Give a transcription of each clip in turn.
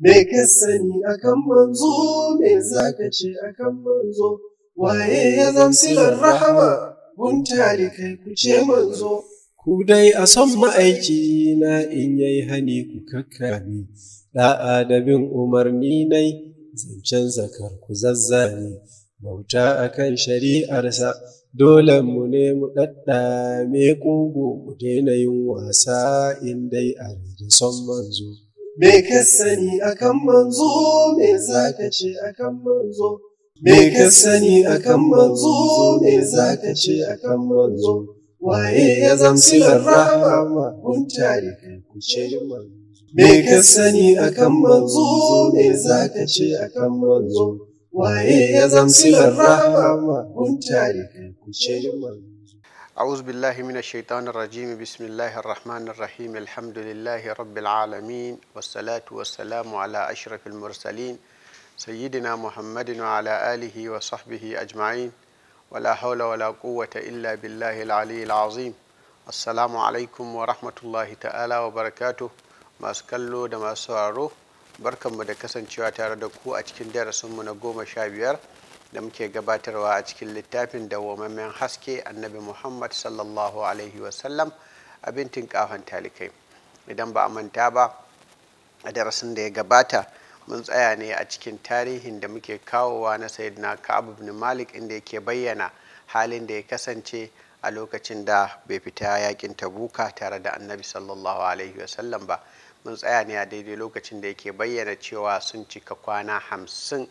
Me ka sani akan manzo, me za ka ce akan manzo, waye ya zamsilar rahama, guntare kai ku ce manzo. Ku dai a son ma'aiki na in yai hani ku kakkami, ɗa'a da bin umarni nai, zancen zakar ku zazzani, bauta akan shari'arsa, dole mu ne mu ɗaɗɗame ƙugu mu daina yin wasa in dai a son manzo. me ka sani akan manzo me zaka ce akan manzo me ka sani akan manzo me zaka ce akan manzo waye ya zamsilar rahama kun tare kai ku ce manzo me ka sani akan manzo me zaka ce akan manzo waye ya da rahama kun tare kai ku ce أعوذ بالله من الشيطان الرجيم بسم الله الرحمن الرحيم الحمد لله رب العالمين والصلاة والسلام على أشرف المرسلين سيدنا محمد وعلى آله وصحبه أجمعين ولا حول ولا قوة إلا بالله العلي العظيم السلام عليكم ورحمة الله تعالى وبركاته ما سكلو دما سوارو بركم مدكسن kasancewa tare da سمنا قوم شابير da muke gabatarwa a cikin littafin dawwamammen haske annabi muhammad sallallahu alaihi wasallam a bintin talikai idan ba a manta ba a darasin da ya gabata mun tsaya ne a cikin tarihin da muke kawowa na sayidina ka'ab ibn malik inda yake bayyana halin da ya kasance a lokacin da bai fita yakin tabuka tare da annabi sallallahu alaihi wasallam ba mun tsaya ne a daidai lokacin da yake bayyana cewa sun cika kwana hamsin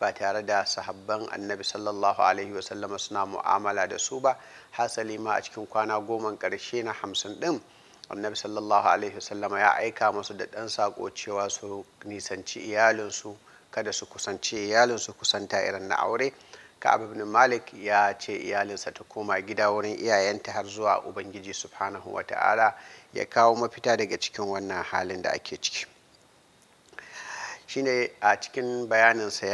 ba tare da sahabban annabi sallallahu alaihi wasallama suna mu'amala da su ba hasali ma a cikin kwana goma karshe na hamsin ɗin annabi sallallahu alaihi wasallama ya aika musu da ɗan sako cewa su nisanci iyalinsu kada su kusanci iyalinsu kusanta irin na aure ka'ab ibn malik ya ce iyalinsa ta koma gida wurin iyayenta har zuwa ubangiji subhanahu wata'ala ya kawo mafita daga cikin wannan halin da ake ciki shine a cikin bayaninsa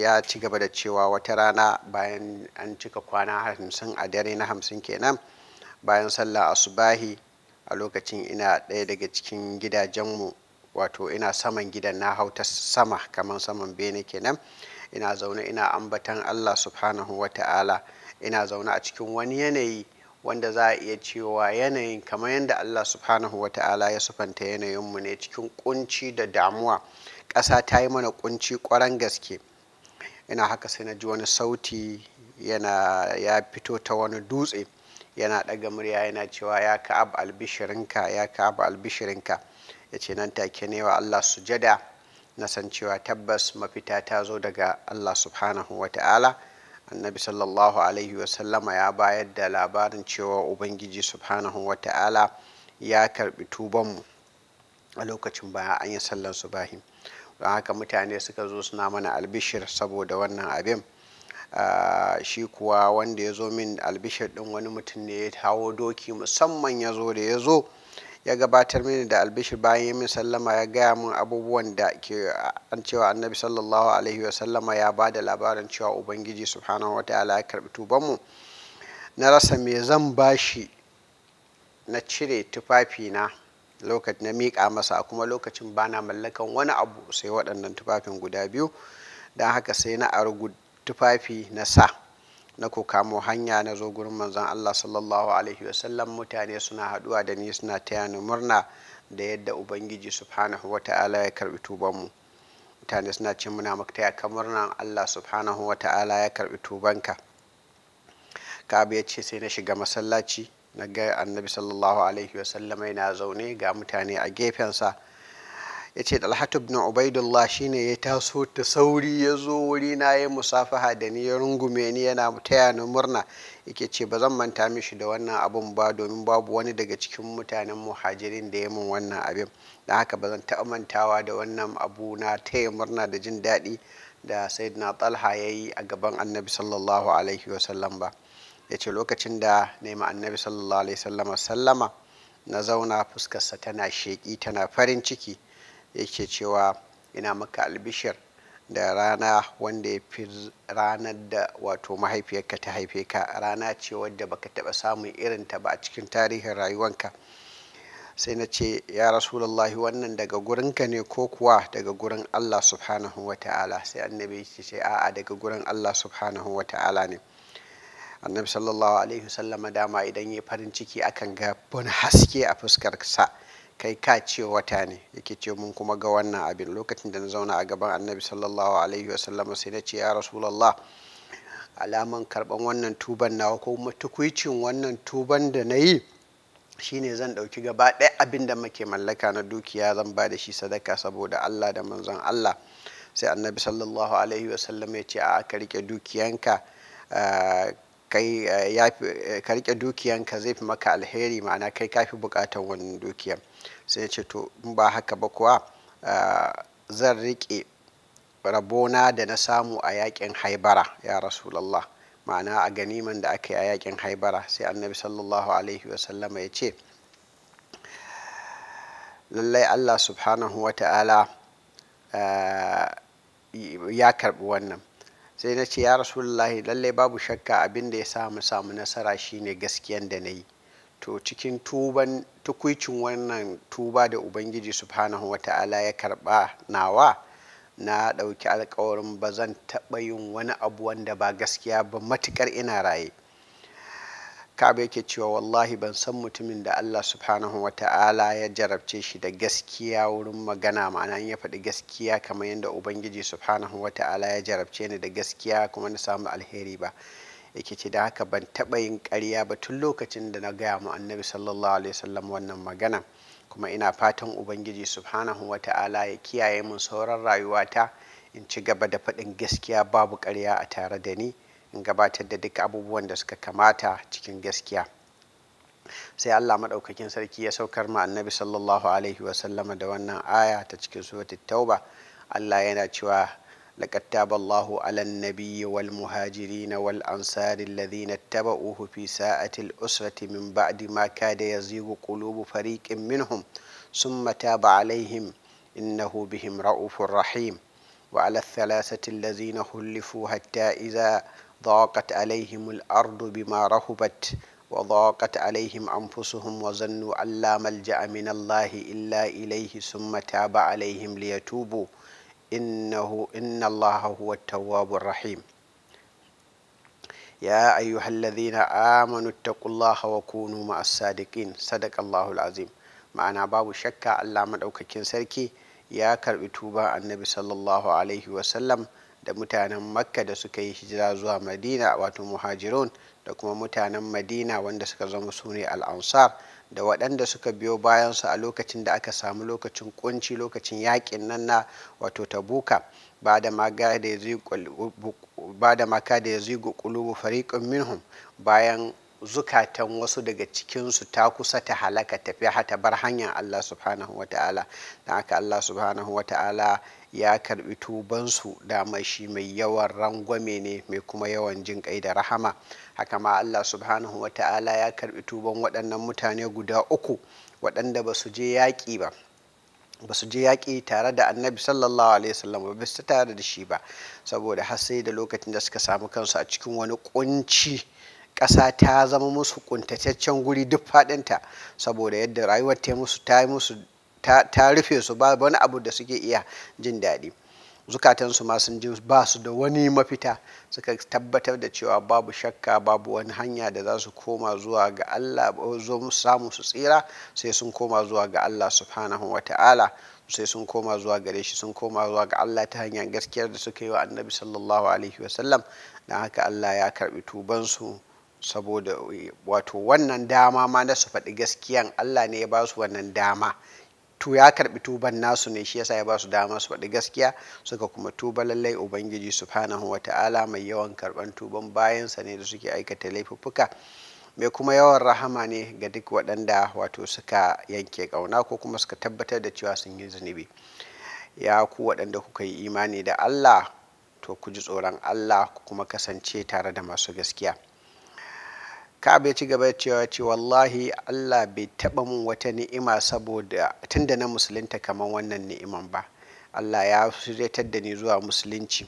ya ci gaba da cewa wata rana bayan an cika kwana hamsin a dare na hamsin kenan bayan sallah asubahi a lokacin ina ɗaya daga cikin gidajenmu wato ina saman gidan na hau ta sama kamar saman bene kenan ina zaune ina ambatan allah subhanahu wa ta'ala ina zaune a cikin wani yanayi wanda za a iya cewa yanayin kamar yadda Allah subhanahu wa ta'ala ya sufanta yanayinmu ne cikin kunci da damuwa ƙasa ta yi mana kunci ƙwaran gaske ina haka sai na ji wani sauti yana ya fito ta wani dutse yana ɗaga murya yana cewa ya ka'ab albishirinka ya ka'ab albishirinka ya ce nan take ne wa Allah sujada na san cewa tabbas mafita ta zo daga Allah subhanahu wa ta'ala annabi sallallahu alaihi wasallama ya bayar da labarin cewa ubangiji subhanahu wa ta'ala ya karbi tubanmu a lokacin baya an yi sallan subahi don haka mutane suka zo suna mana albishir saboda wannan abin ah, shi kuwa wanda ya zo min albishir din wani mutum ne ya hawo doki musamman ya zo da ya zo ya gabatar mini da albishir bayan ya min sallama ya gaya min abubuwan da ke an cewa annabi sallallahu alaihi sallama ya ba da labarin cewa ubangiji subhanahu ta'ala ya karbi tubanmu na rasa me zan bashi na cire tufafina lokacin na miƙa masa kuma lokacin bana mallakan wani abu sai waɗannan tufafin guda biyu don haka sai na argu tufafi na sa na ko kamo hanya na zo gurin manzon Allah sallallahu alaihi wasallam mutane suna haduwa da ni suna taya ni murna da yadda ubangiji subhanahu wata'ala ya karbi tubanmu mutane suna ce muna maka taya ka murna Allah subhanahu wata'ala ya karbi tubanka kabe ya ce sai na shiga masallaci na ga annabi sallallahu alaihi wasallam yana zaune ga mutane a gefensa ya ce dalhatu ibn ubaidullah shine ya taso ta sauri ya zo wuri na ya musafaha da ni ya rungume ni yana taya ni murna yake ce ba zan manta mishi da wannan abun ba domin babu wani daga cikin mutanen muhajirin da ya min wannan abin da haka ba zan taɓa mantawa da wannan abu na taya murna da jin daɗi da sayyidina talha ya yi a gaban annabi sallallahu alaihi wasallam ba ya ce lokacin da nema annabi sallallahu alaihi wasallama sallama na zauna fuskarsa tana sheƙi tana farin ciki yake cewa ina maka albishir da rana wanda ya fi ranar da wato mahaifiyarka ta haife ka rana ce wadda baka taɓa samun irinta ba a cikin tarihin rayuwanka sai na ce ya rasulullahi wannan daga gurinka ne ko kuwa daga gurin allah subhanahu wa ta'ala sai annabi ya ce a'a daga gurin allah subhanahu wa ta'ala ne annabi sallallahu alaihi wasallama dama idan ya farin ciki akan ga wani haske a fuskar sa kai ka ce wata ne yake ce mun kuma ga wannan abin lokacin da na zauna a gaban annabi sallallahu alaihi wasallam sai na ce ya rasulallah alaman karban wannan tuban nawa ko matukucin wannan tuban da na yi shine zan ɗauki gaba ɗaya abin da muke mallaka na dukiya zan ba da shi sadaka saboda allah da manzon allah sai annabi sallallahu alaihi wasallam ya ce a ka rike dukiyanka ah, kai eh, ya eh, ka rike dukiyanka zai fi maka alheri ma'ana kai ka fi bukatar wani dukiyan sai ce to in ba haka ba kuwa eh, zan rike rabona da na samu a yakin haibara ya rasulallah ma'ana a ganiman da aka yi a yakin haibara sai annabi sallallahu alaihi wasallama ya ce lallai allah subhanahu wa ta'ala ya karbi wannan sai na ce ya rasulullahi lalle babu shakka abin da ya samu samu nasara shine gaskiyan da na yi to cikin tuban tukuicin wannan tuba da ubangiji subhanahu wa ta'ala ya karba nawa na ɗauki alkawarin ba zan taɓa yin wani abu wanda ba gaskiya ba matukar ina raye kaba yake cewa wallahi ban san mutumin da Allah subhanahu wa ta'ala ya jarabce shi da gaskiya wurin magana ma'ana ya faɗi gaskiya kamar yadda ubangiji subhanahu wa ta'ala ya jarabce ni da gaskiya kuma na samu alheri ba yake ce da haka ban taɓa yin ƙarya ba tun lokacin da na gaya mu annabi sallallahu alaihi wasallam wannan magana kuma ina fatan ubangiji subhanahu wa ta'ala ya kiyaye mun sauran rayuwata in ci gaba da faɗin gaskiya babu ƙarya a tare da ni in gabatar da duka abubuwan da suka kamata cikin gaskiya sai allah maɗaukakin sarki ya saukar ma annabi sallallahu alaihi wasallama da wannan aya ta cikin suratul tauba allah yana cewa laqad taba allah ala nabiyyi wal na wal ansari taba tabauhu fi sa'ati usrati min ba'adi ma kada yazighu ƙulubu fariqin minhum thumma taba alaihim innahu bihim raufur rahim وعلى talasatin الذين خلفوا hatta iza ضاقت عليهم الأرض بما رهبت وضاقت عليهم أنفسهم وظنوا أن لا ملجأ من الله إلا إليه ثم تاب عليهم ليتوبوا إنه إن الله هو التواب الرحيم يا أيها الذين آمنوا اتقوا الله وكونوا مع الصادقين صدق الله العظيم ma'ana babu shakka Allah maɗaukakin sarki ya karɓi tuba annabi sallallahu alaihi wasallam da mutanen makka da suka yi hijira zuwa madina wato muhajirun da kuma mutanen madina wanda suka zama su ne al'ansar da waɗanda suka biyo bayansu a lokacin da aka samu lokacin kunci lokacin yakin nan na wato tabuka ba da maka da ya zigo kulubu fariƙin minhum bayan zukatan wasu daga cikinsu ta kusa ta halaka tafiya ta bar hanyar allah subhanahu wa ta'ala don aka allah subhanahu wa ta'ala ya karbi tubansu dama shi mai yawan rangwame ne mai kuma yawan jin kai da rahama haka ma allah subhanahu wa ta'ala ya karbi tuban waɗannan mutane guda uku waɗanda ba su je yaƙi ba ba su je yaƙi tare da annabi sallallahu alaihi wasallam ba su tare da shi ba saboda har sai da lokacin da suka samu kansu a cikin wani kunci ƙasa ta zama musu kuntataccen guri duk faɗinta saboda yadda rayuwar ta musu ta yi musu ta rufe su ba wani abu da suke iya jin daɗi zukatansu ma sun ji ba su da wani mafita suka tabbatar da cewa babu shakka babu wani hanya da za su koma zuwa ga Allah zo samu su tsira sai sun koma zuwa ga Allah subhanahu wa ta'ala sai sun koma zuwa gare shi sun koma zuwa ga Allah ta hanyar gaskiyar da suka yi wa annabi sallallahu alaihi wasallam don haka Allah ya karbi tubansu saboda wato wannan dama ma na su faɗi gaskiyan Allah ne ya ba su wannan dama to ya karbi tuban nasu ne shi yasa ya ba su dama su faɗi gaskiya suka kuma tuba lallai ubangiji subhanahu wata'ala mai yawan karban tuban bayansa ne da suke aikata laifuffuka mai kuma yawan rahama ne ga duk waɗanda wato suka yanke ƙauna ko kuma suka tabbatar da cewa sun yi zunubi ya ku waɗanda kuka yi imani da allah to ku ji tsoron allah ku kuma kasance tare da masu gaskiya Ka'ab ya ci gaba da cewa ce wallahi Allah bai taɓa mun wata ni'ima saboda da na musulunta kamar wannan ni'iman ba. Allah ya shiryatar da ni zuwa musulunci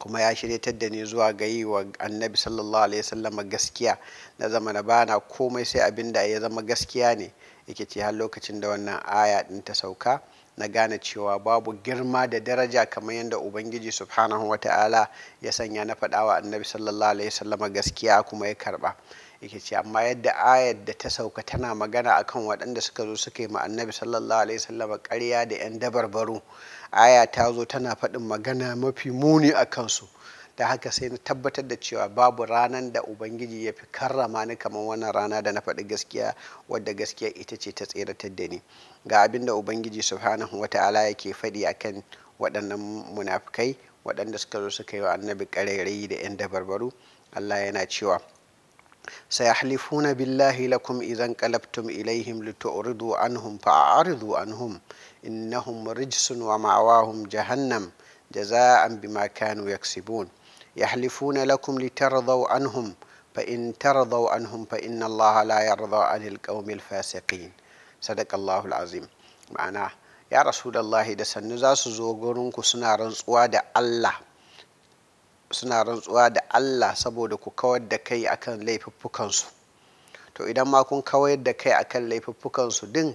kuma ya shiryatar da ni zuwa ga wa annabi sallallahu alaihi wasallam gaskiya na zama na bana komai sai abin da ya zama gaskiya ne yake ce har lokacin da wannan aya ɗin ta sauka. na gane cewa babu girma da daraja kamar yadda ubangiji subhanahu wa ta'ala ya sanya na faɗawa annabi sallallahu alaihi wasallama gaskiya kuma ya karba yake ce amma yadda ayar da ta sauka tana magana akan waɗanda suka zo suka yi ma annabi sallallahu alaihi wasallama ƙarya da 'yan dabarbaru aya ta zo tana faɗin magana mafi muni a kansu ta haka sai na tabbatar da cewa babu ranar da ubangiji ya fi karrama ni kamar wannan rana da na faɗi gaskiya wadda gaskiya ita ce ta tseratar da ni ga abin da ubangiji subhanahu wa ta'ala yake faɗi a kan waɗannan munafukai waɗanda suka zo suka yi wa annabi ƙarairayi da 'yan dabarbaru allah yana cewa sayahlifuna billahi lakum idan qalabtum ilaihim litu'ridu anhum fa'ridu anhum innahum rijsun wa ma'awahum jahannam bi bima kanu yaksibun يحلفون لكم لترضوا عنهم فإن ترضوا عنهم فإن الله لا يرضى عن القوم الفاسقين صدق الله العظيم معنا يا رسول الله da sannu za su zo gurinku suna rantsuwa da Allah suna rantsuwa da Allah saboda ku kawar da kai akan laifuffukansu to idan ma kun kawar da kai akan laifuffukansu din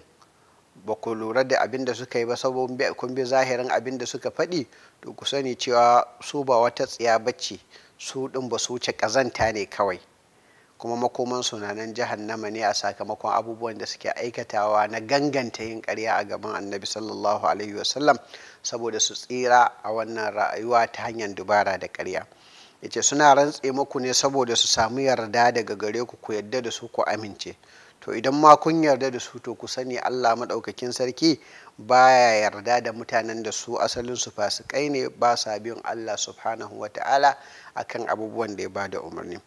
ba ku lura da abin da suka yi ba saboda kun bi zahirin abin da suka faɗi to ku sani cewa su ba wata tsiya bacci su ɗin ba su wuce ƙazanta ne kawai kuma makoman sunanan jahannama ne a sakamakon abubuwan da suke aikatawa na ganganta yin karya a gaban annabi sallallahu alaihi wasallam saboda su tsira a wannan rayuwa ta hanyar dubara da karya yace suna rantse muku ne saboda su samu yarda daga gare ku ku yadda da su ku amince to idan ma kun yarda da su to ku sani allah maɗaukakin sarki baya yarda da mutanen da su asalin su fasikai ne ba sa bin allah subhanahu wa ta'ala akan abubuwan da ya ba da umarni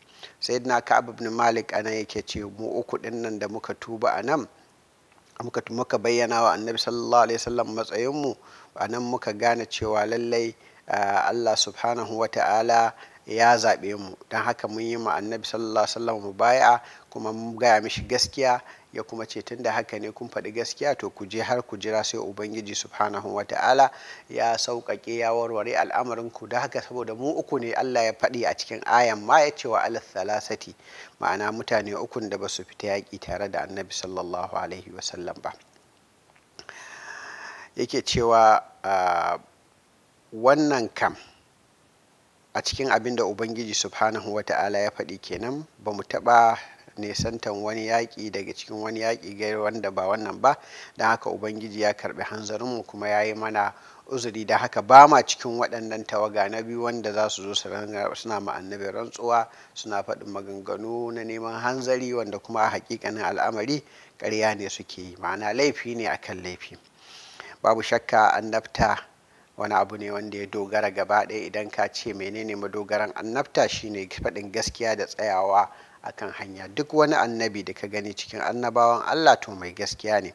sai na ka ibn malik ya yake ce mu uku ɗin nan da muka tuba a nan muka bayyana wa annabi sallallahu alaihi wasallam matsayinmu a nan muka gane cewa lallai ah, allah subhanahu wa ta'ala ya zaɓe mu don haka mun yi ma annabi sallallahu alaihi wasallam mu baya kuma gaya mishi gaskiya ya kuma ce tun da haka ne kun faɗi gaskiya to ku je har ku jira sai ubangiji subhanahu wa ta'ala ya sauƙaƙe ya warware al'amarin ku da haka saboda mu uku ne allah ya faɗi a cikin ayan ma ya cewa alas salasati ma'ana mutane ukun da ba su fita yaƙi tare da annabi sallallahu alaihi wa sallam ba yake cewa wannan kam a cikin abin da ubangiji subhanahu wa ta'ala ya faɗi kenan ba mu taɓa nesantan wani yaƙi daga cikin wani yaƙi gari wanda ba wannan ba don haka ubangiji ya karbi hanzarinmu kuma ya yi mana uzuri da haka ba ma cikin waɗannan tawaga na biyu wanda za su zo suna maannabin rantsuwa suna faɗin maganganu na neman hanzari wanda kuma a hakikanin al'amari ƙarya ne suke yi ma'ana laifi ne akan laifi babu shakka annabta wani abu ne wanda ya dogara gaba ɗaya idan ka ce menene madogaran annabta shine faɗin gaskiya da tsayawa akan hanya duk wani annabi da ka gani cikin annabawan Allah to mai gaskiya ne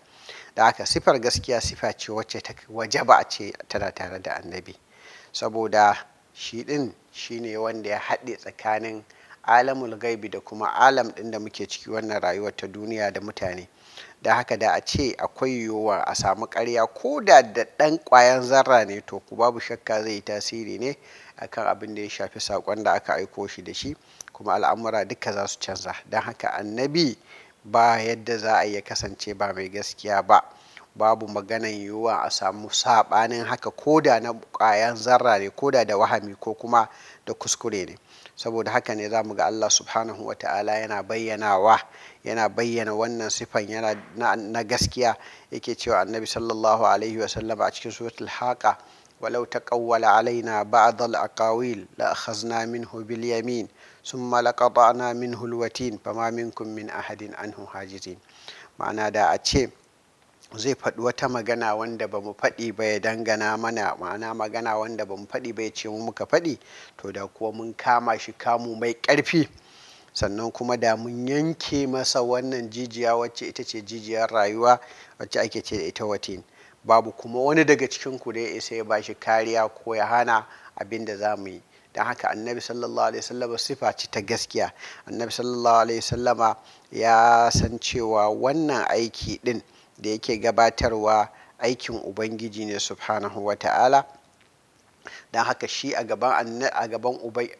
da aka sifar gaskiya sifa ce wacce ta wajaba a ce tana tare da annabi saboda shi din shine wanda ya haɗe tsakanin alamul gaibi da kuma alam ɗin da muke ciki wannan rayuwar ta duniya da mutane da haka da a ce akwai yiwuwar a samu karya ko da da ɗan ƙwayan zarra ne to ku babu shakka zai yi tasiri ne akan abin da ya shafi saƙon da aka aiko shi da shi kuma al'amura duka za su canza don haka annabi ba yadda za a iya kasance ba mai gaskiya ba babu maganan yiwuwa a samu saɓanin haka ko da na ƙwayan zarra ne koda da wahami ko kuma da kuskure ne saboda haka ne za mu ga allah subhanahu wa ta'ala yana bayyanawa yana bayyana wannan sifan yana na gaskiya yake cewa annabi sallallahu alaihi wa sallam a cikin suratul haqa walau taqawwala alaina ba'd al aqawil la akhazna minhu bil yamin Sun laqata'na min hulwatin, fama minkum min ahadin anhu hajizin ma'ana da a ce zai faɗi wata magana wanda ba mu faɗi ba ya dangana mana ma'ana magana wanda ba mu faɗi ba ya ce mu muka faɗi to da kuwa mun kama shi kamu mai ƙarfi sannan kuma da mun yanke masa wannan jijiya wacce ita ce jijiyar rayuwa wacce ake ce da ita watin babu kuma wani daga cikin ku da ya isa ya bashi kariya ko ya hana abin da za mu yi don haka annabi sallallahu alaihi sallama sifa ce ta gaskiya annabi sallallahu alaihi sallama ya san cewa wannan aiki din da yake gabatarwa aikin ubangiji ne subhanahu wa ta'ala don haka shi a gaban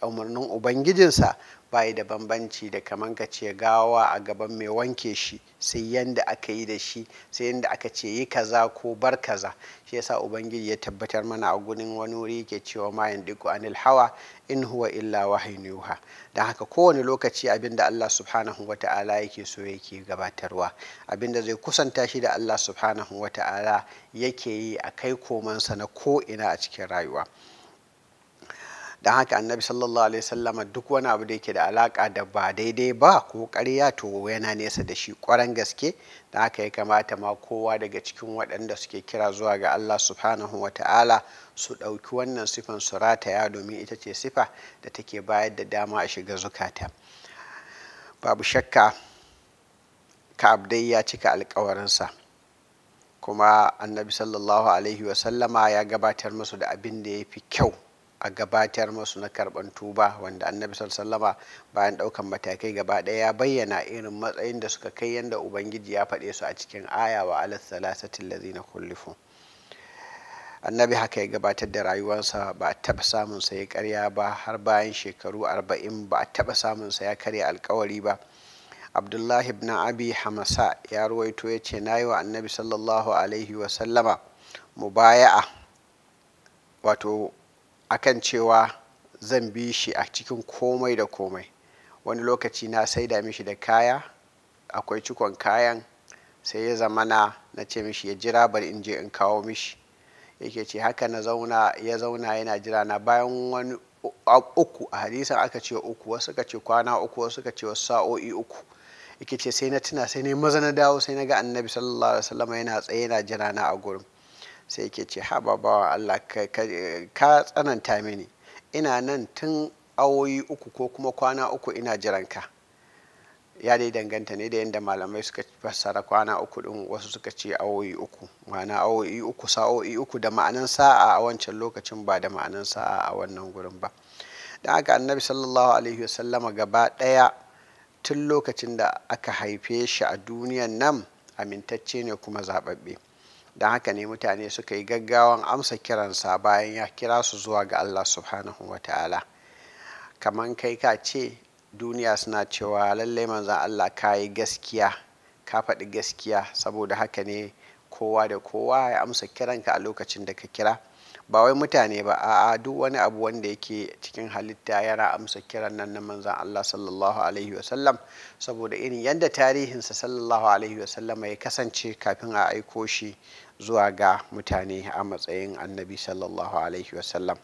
umarnin ubangijinsa ba yi da bambanci da kamar ka ce gawa a gaban mai wanke shi sai yadda aka yi da shi sai yadda aka ce yi kaza ko bar kaza shi yasa ubangiji ya tabbatar mana a gurin wani wuri yake cewa ma yandiku anil hawa in huwa illa wahayin yuha don haka kowane lokaci abinda Allah subhanahu wa ta'ala yake so yake gabatarwa abinda zai kusanta shi da Allah subhanahu wa ta'ala yake yi a kai komansa na ko ina a cikin rayuwa don haka annabi sallallahu alaihi sallama duk wani abu da yake da alaka da ba daidai ba ko ƙarya to yana nesa da shi ƙwaran gaske don haka ya kamata ma kowa daga cikin waɗanda suke kira zuwa ga Allah subhanahu wa ta'ala su ɗauki wannan sifan su rataya domin ita ce sifa da take bayar da dama a shiga zukata babu shakka ka'ab dai ya cika alkawarinsa kuma annabi sallallahu alaihi wasallama ya gabatar musu da abin da ya fi kyau a gabatar masu na karban tuba wanda annabi sallama bayan daukan matakai gaba daya ya bayyana irin matsayin da suka kai yadda ubangiji ya faɗe su a cikin aya wa alas salasatin na kullifu annabi haka ya gabatar da rayuwarsa ba a taɓa samun ya karya ba har bayan shekaru arba'in ba a taɓa samunsa ya karya alkawari ba abdullahi ibn abi hamasa ya ruwaito ya ce na yi wa annabi sallallahu alaihi wasallama mubaya'a wato akan cewa zan bi shi a cikin komai da komai wani lokaci na sai da mishi da kaya akwai cikon kayan sai ya zamana na ce mishi ya jira bari in je in kawo mishi yake ce haka na zauna ya zauna yana jira na bayan wani uku a hadisan aka ce uku wasu ka ce kwana uku wasu ka ce wasu sa'o'i uku yake ce sai na tuna sai na maza na dawo sai na ga annabi sallallahu alaihi wasallam yana tsaye yana jira na a gurin sai yake ce ha Allah ka tsananta mini ina nan tun awoyi uku ko kuma kwana uku ina jiranka ya dai danganta ne da yadda malamai suka fassara kwana uku din wasu suka ce awoyi uku ma'ana awoyi uku sa'o'i uku da ma'anan sa'a a wancan lokacin ba da ma'anan sa'a a wannan gurin ba don haka annabi sallallahu alaihi wasallama gaba ɗaya tun lokacin da aka haife shi a duniyan nan amintacce ne kuma zaɓaɓɓe don haka ne mutane suka yi gaggawan amsa kiransa bayan ya kira su zuwa ga allah subhanahu wa ta'ala kamar kai ka ce duniya suna cewa lallai manzan allah ka yi gaskiya ka faɗi gaskiya saboda haka ne kowa da kowa ya amsa kiranka a lokacin da ka kira ba wai mutane ba a'a duk wani abu wanda yake cikin halitta yana amsa kiran nan na manzan Allah sallallahu alaihi wasallam saboda irin yadda tarihinsa sallallahu alaihi wasallam ya kasance kafin a aiko shi zuwa ga mutane a matsayin annabi sallallahu alaihi wasallam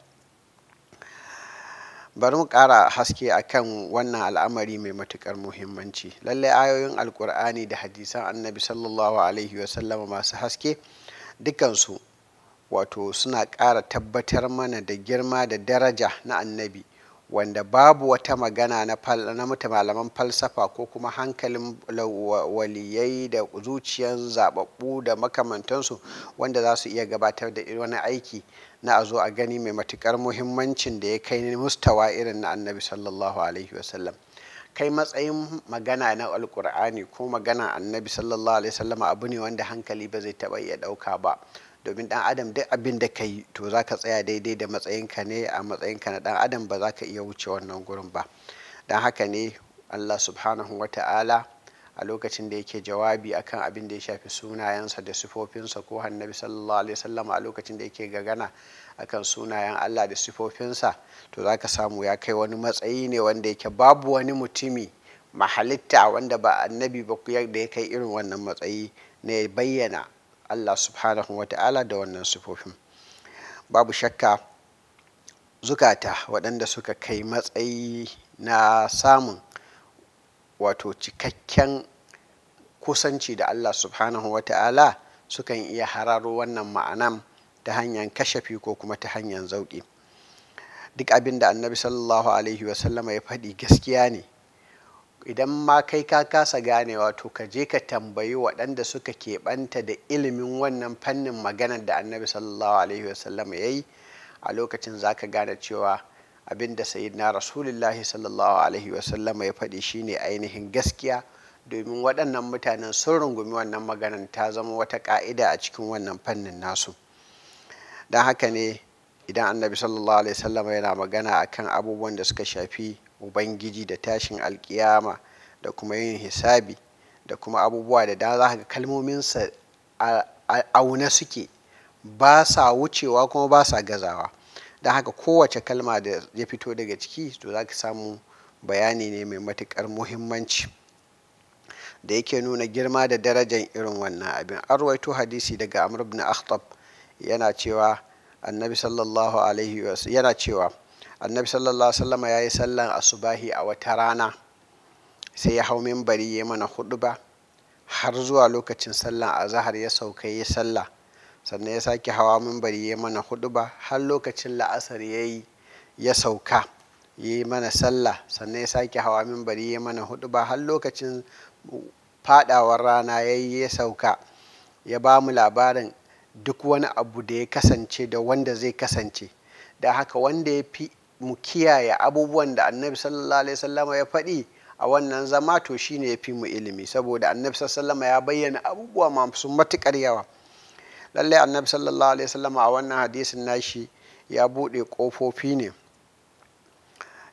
bari mu ƙara haske akan wannan al'amari mai matuƙar muhimmanci lallai ayoyin alkur'ani da hadisan annabi sallallahu alaihi wasallama masu haske dukansu wato suna ƙara tabbatar mana da girma da daraja na annabi wanda babu wata magana na malaman falsafa ko kuma hankalin waliyai da zuciyar zaɓaɓɓu da makamantansu wanda za su iya gabatar da wani aiki na a zo a gani mai matuƙar muhimmancin da ya kai ni mustawa irin na annabi sallallahu alaihi wasallam kai matsayin magana na alƙur'ani ko magana annabi sallallahu alaihi wasallam abu ne wanda hankali ba zai taɓa iya ɗauka ba domin dan adam duk abin da ka yi to za ka tsaya daidai da matsayinka ne a matsayin ka na dan adam ba za ka iya wuce wannan gurin ba don haka ne allah subhanahu wa ta'ala a lokacin da yake jawabi akan abin da ya shafi sunayensa da sifofinsa ko hannabi sallallahu alaihi wasallam a lokacin da yake gagana akan sunayen allah da sifofinsa to za ka samu ya kai wani matsayi ne wanda yake babu wani mutumi mahalitta wanda ba annabi ba da ya kai irin wannan matsayi ne bayyana Allah subhanahu wa ta'ala da wannan sufofin babu shakka zukata waɗanda suka kai matsayi na samun wato cikakken kusanci da Allah subhanahu wa ta'ala sukan iya hararo wannan ma'anan ta hanyar kashafi ko kuma ta hanyar zauƙi duk abin da annabi sallallahu alaihi wasallama ya faɗi gaskiya ne idan ma kai ka kasa ganewa to ka je ka tambayi waɗanda suka keɓanta da ilimin wannan fannin maganar da annabi sallallahu alaihi wasallam ya yi a lokacin za ka gane cewa abin da na rasulullahi sallallahu alaihi wasallam ya faɗi shine ainihin gaskiya domin waɗannan mutanen sun rungumi wannan maganar ta zama wata ƙa'ida a cikin wannan fannin nasu don haka ne idan annabi sallallahu alaihi wasallam yana magana akan abubuwan da suka shafi ubangiji da tashin alkiyama da kuma yin hisabi da kuma abubuwa da dama za ka kalmominsa auna suke ba sa wucewa kuma ba sa gazawa don haka kowace kalma da ya fito daga ciki to za ka samu bayani ne mai matuƙar muhimmanci da yake nuna girma da darajan irin wannan abin arwaito hadisi daga amr ibn akhtab yana cewa annabi sallallahu alaihi yana cewa annabi sallallahu alaihi ya yi sallan asubahi a wata rana sai ya hau mimbari ya mana huduba har zuwa lokacin sallan azahar ya sauka ya salla sannan ya sake hawa mimbari ya mana huduba har lokacin la'asar ya yi ya sauka ya yi mana sallah sannan ya sake hawa mimbari ya mana huduba har lokacin fadawar rana ya yi ya sauka ya ba mu labarin duk wani abu da ya kasance da wanda zai kasance da haka wanda ya fi mu kiyaye abubuwan da annabi sallallahu alaihi wasallama ya faɗi a wannan zama to shine ya fi mu ilimi saboda annabi sallallahu ya bayyana abubuwa masu matukar yawa lallai annabi sallallahu alaihi wasallama a wannan hadisin nashi ya buɗe ƙofofi ne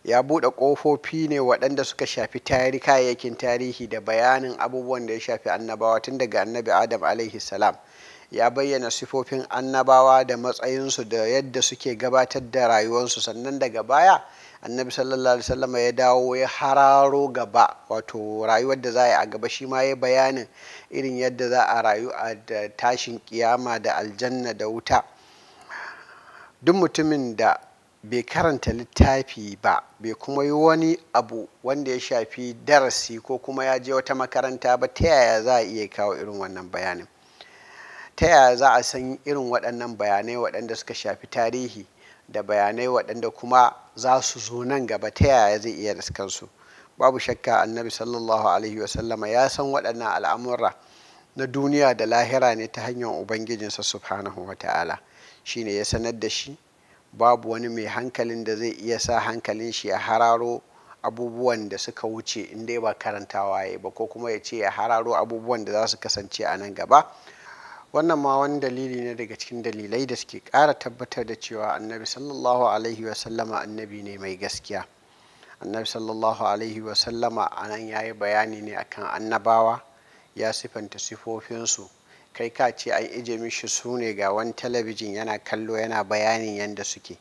ya buɗe ƙofofi ne waɗanda suka shafi tarihi kayayyakin tarihi da bayanin abubuwan da ya shafi annabawa tun daga annabi adam alaihi salam ya bayyana sifofin annabawa da matsayinsu da yadda suke gabatar da rayuwarsu sannan daga baya annabi sallallahu alaihi wasallam ya dawo ya hararo gaba wato rayuwar da za a yi a gaba shi ma ya bayanin irin yadda za a rayu a da tashin kiyama da aljanna da wuta duk mutumin da bai karanta littafi ba bai kuma yi wani abu wanda ya shafi darasi ko kuma ya je wata makaranta ba ta yaya za a iya kawo irin wannan bayanin ta yaya za a san irin waɗannan bayanai waɗanda suka shafi tarihi da bayanai waɗanda kuma za su zo nan gaba ta yaya zai iya riskansu babu shakka annabi sallallahu alaihi wasallama ya san waɗannan al'amura na duniya da lahira ne ta hanyar ubangijinsa subhanahu wa ta'ala shi ne ya sanar da shi babu wani mai hankalin da zai iya sa hankalin shi ya hararo abubuwan da suka wuce in dai ba karantawa ya ba ko kuma ya ce ya hararo abubuwan da za su kasance a nan gaba wannan ma wani dalili ne daga cikin dalilai da suke ƙara tabbatar da cewa annabi sallallahu alaihi wasallama annabi ne mai gaskiya annabi sallallahu alaihi wasallama a nan ya yi bayani ne akan annabawa ya sifanta sifofinsu kai ka ce an ije mishi su ne ga wani talabijin yana kallo yana bayanin yadda suke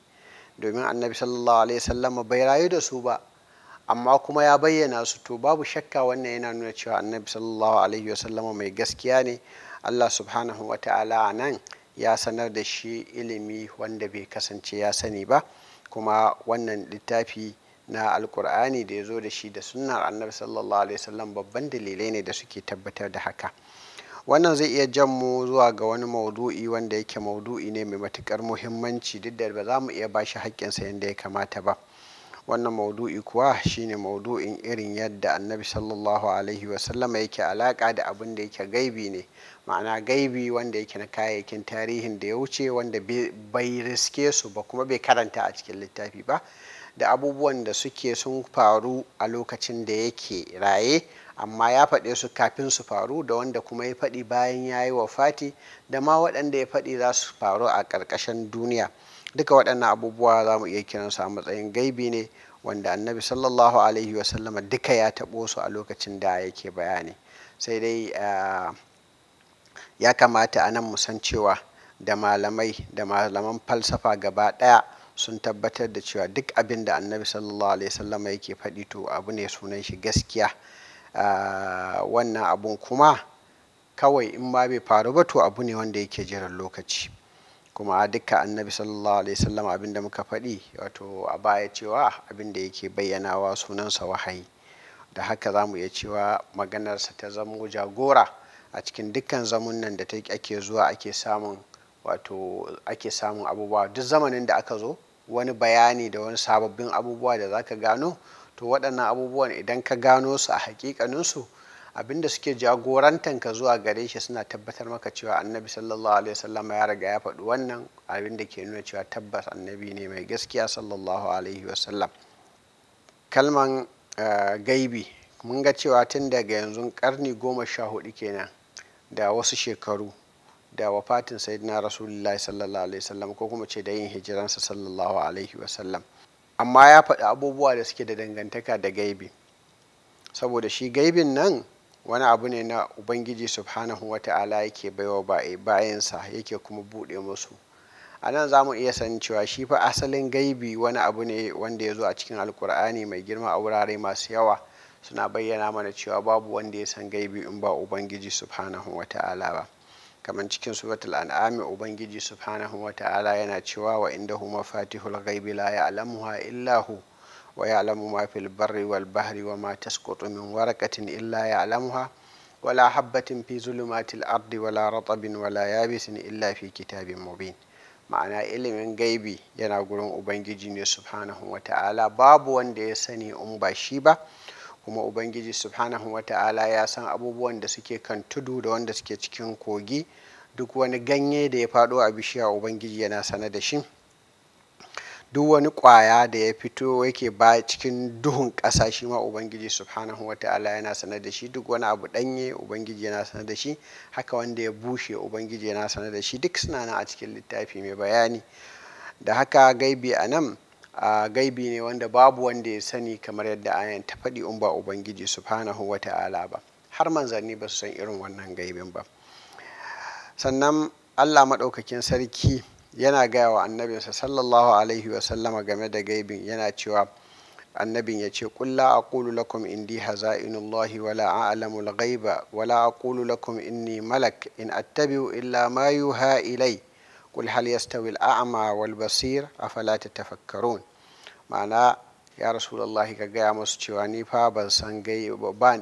domin annabi sallallahu alaihi wasallama bai rayu da su ba amma kuma ya bayyana su to babu shakka wannan yana nuna cewa annabi sallallahu alaihi wasallama mai gaskiya ne allah subhanahu wa ta'ala nan ya sanar da shi ilimi wanda bai kasance ya sani ba kuma wannan littafi na alkur'ani da ya zo da shi da sunnar annabi sallallahu alaihi wasallam babban dalilai ne da suke tabbatar da haka wannan zai iya jan mu zuwa ga wani maudu'i wanda yake maudu'i ne mai matukar muhimmanci duk da ba za mu iya bashi haƙƙinsa yadda ya kamata ba wannan maudu'i kuwa shine maudu'in irin yadda annabi sallallahu alaihi wasallama yake alaƙa da abin da yake gaibi ne ma'ana gaibi wanda yake na kayayyakin tarihin da ya wuce wanda bai riske su ba kuma bai karanta a cikin littafi ba da abubuwan da suke sun faru a lokacin da yake raye amma ya faɗe su kafin su faru da wanda kuma ya faɗi bayan ya yi fati da ma waɗanda ya faɗi za su faru a ƙarƙashin duniya duka waɗannan abubuwa za mu iya kiransu a matsayin gaibi ne wanda annabi sallallahu alaihi wasallama duka ya taɓo su a lokacin da yake bayani sai dai ah, ya kamata a nan musan cewa da malamai da malaman falsafa gaba ɗaya sun tabbatar da cewa duk abin da annabi sallallahu alaihi wasallama yake faɗi to abu ne sunan shi gaskiya ah, wannan abun kuma kawai in ma bai faru ba to abu ne wanda yake jiran lokaci kuma a duka annabi sallallahu alaihi wasallam abin da muka faɗi wato a baya cewa abin da yake bayyanawa sunansa wahayi da haka za mu iya cewa maganarsa ta zamo jagora a cikin dukkan zamun nan da ake zuwa ake samun wato ake samun abubuwa duk zamanin da aka zo wani bayani da wani sababbin abubuwa da za ka gano to waɗannan abubuwan idan ka gano su a hakikaninsu abinda suke jagorantan ka zuwa gare shi suna tabbatar maka cewa annabi sallallahu alaihi wasallam ya riga ya faɗi wannan abinda ke nuna cewa tabbas annabi ne mai gaskiya sallallahu alaihi wasallam kalman eh, gaibi mun ga cewa tun daga yanzu karni goma sha hudu kenan da wasu shekaru da wafatin sayyidina rasulullahi sallallahu alaihi wasallam ko kuma ce da yin hijiransa sallallahu alaihi wasallam amma ya faɗi abubuwa da suke da dangantaka da gaibi saboda shi gaibin nan wani abu ne na ubangiji subhanahu wa ta'ala yake baiwa bayansa yake kuma buɗe musu a nan za mu iya sanin cewa shi fa asalin gaibi wani abu ne wanda ya zo a cikin alkur'ani mai girma a wurare masu yawa suna bayyana mana cewa babu wanda ya san gaibi in ba ubangiji subhanahu wata'ala ba kamar cikin suratul an'ami ubangiji subhanahu wata'ala yana cewa wa indahu mafatihul ghaibi la ya'lamuha illa hu wa ya'lamu ma fil barri wal bahri wa ma tasqutu min waraqatin illa ya'lamuha ولا حبة في ظلمات الأرض ولا رطب ولا يابس إلا في كتاب مبين معنى ilimin gaibi yana gurin ubangiji ne subhanahu wa ta'ala babu wanda ya sani in kuma ubangiji subhanahu wata'ala ya san abubuwan da suke kan tudu da wanda suke cikin kogi duk wani ganye da ya faɗo a bishiya ubangiji yana sana da shi duk wani kwaya da ya fito yake ba cikin duhun ƙasa shi ma ubangiji subhanahu wata'ala yana sana da shi duk wani abu ɗanye ubangiji yana sane da shi haka wanda ya bushe ubangiji yana sana da shi duk suna nan a cikin littafi mai bayani da haka gaibi a nan a gaibi ne wanda babu wanda ya sani kamar yadda ayan ta faɗi in ba ubangiji subhanahu wa ta'ala ba har manzanni ba su san irin wannan gaibin ba sannan allah maɗaukakin sarki yana gaya wa annabinsa sallallahu alaihi wasallama game da gaibin yana cewa annabin ya ce kulla kulu lakum indi haza'inullahi wala a'lamu al wala wala aqulu lakum inni malak in attabi'u illa ma yuha ilai qul hal yastawi al'a'ma wal basir afala tatafakkarun ma'ana ya rasulullahi ka gaya musu cewa ni fa ban san gai ba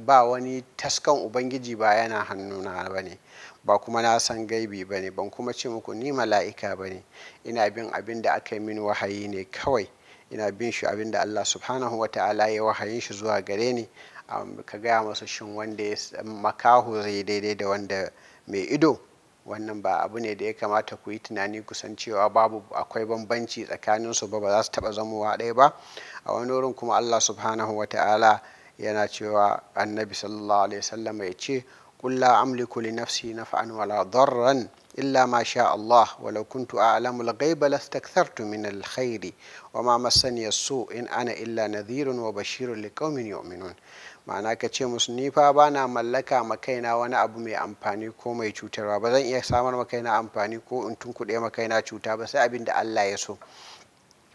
ba wani taskan ubangiji ba yana hannuna bane ba kuma na san gaibi bane ban kuma ce muku ni mala'ika bane ina bin abin da aka yi min wahayi ne kawai ina bin shi abin da Allah subhanahu wa ta'ala ya wahayin shi zuwa gare ni ka gaya masa shin wanda makaho zai daidai da wanda mai ido wannan ba abu ne da ya kamata ku yi tunani kusan cewa babu akwai bambanci tsakaninsu ba ba za su taɓa zamowa ɗaya ba a wani wurin kuma allah subhanahu wa ta'ala yana cewa annabi sallallahu alaihi wasallam ya ce kulla amliku li nafsi naf'an wala darran illa ma sha Allah walau kuntu a'lamu al-ghaiba lastakthartu min al-khairi wa ma massani as-su in ana illa nadhirun wa bashirun liqaumin yu'minun ma'ana ka ce musu nifa ba na mallaka ma kaina wani abu mai amfani ko mai cutarwa ba zan iya samar ma amfani ko in tun kuɗe makaina cuta ba sai abin da Allah ya so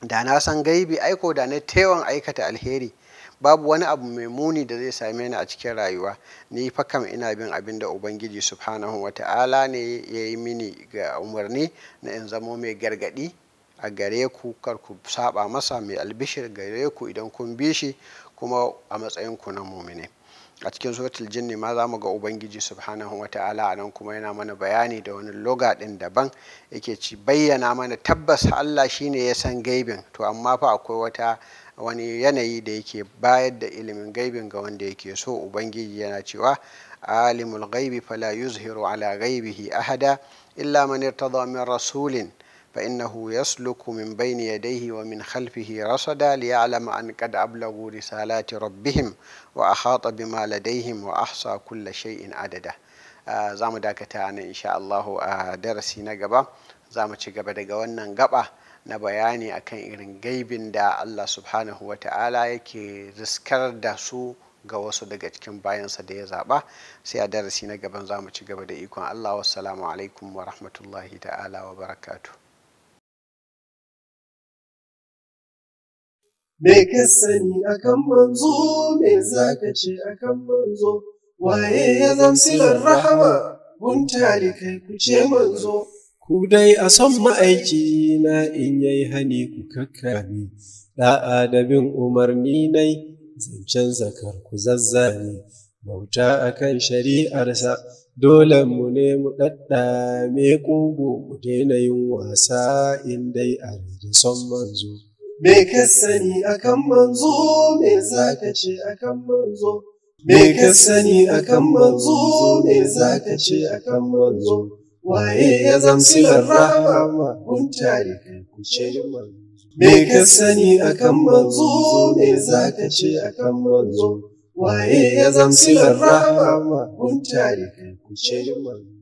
da na san gaibi aiko da na tewan aikata alheri babu wani abu mai muni da zai same ni a cikin rayuwa ni fa kam ina bin abin da ubangiji subhanahu wata'ala ne ya yi mini ga umarni na in zamo mai gargadi a gare ku kar ku saba masa mai albishir gare ku idan kun bi shi kuma a matsayin ku na mumine a cikin suratul jinni ma za mu ga ubangiji subhanahu wa ta'ala a nan kuma yana mana bayani da wani loga din daban yake ci bayyana mana tabbas Allah shine ya san gaibin to amma fa akwai wata wani yanayi da yake bayar da ilimin gaibin ga wanda yake so ubangiji yana cewa alimul ghaibi fala yuzhiru ala ghaibihi ahada illa man irtada min rasulin ya فإنه يسلك من بين يديه ومن خلفه رصدا ليعلم أن قد أبلغوا رسالات ربهم وأحاط بما لديهم وأحصى كل شيء عددا za mu dakata in sha Allahu a darasi na gaba za mu ci gaba daga wannan gaba na bayani akan irin gaibin da Allah subhanahu wa ta'ala yake ziskar da su ga wasu daga cikin bayansa da ya zaba sai a darasi na gaban za mu ci gaba da ikon Allah wassalamu alaikum wa rahmatullahi ta'ala wa barakatuh Me ka sani akan manzo, me za ka ce akan manzo, waye ya zamsilar rahama, guntali kai ku ce manzo. Ku dai a son ma'aiki na in yai hani ku kakkani da bin umarni nai, zancen zakar ku zazzani, bauta akan shari'arsa, dole mu ne mu ɗaɗɗame ƙugu mu daina yin wasa in dai a son manzo. Me ka sani akan manzo, me za ka ce akan manzo? Me ka sani akan manzo, me zaka ce akan manzo? Waye ya zamsilar rahama, kun tare kai ku ce manzo. Me ka sani akan manzo, me za ka ce akan manzo? Waye ya zamsilar rahama, kun tare kai ku ce manzo.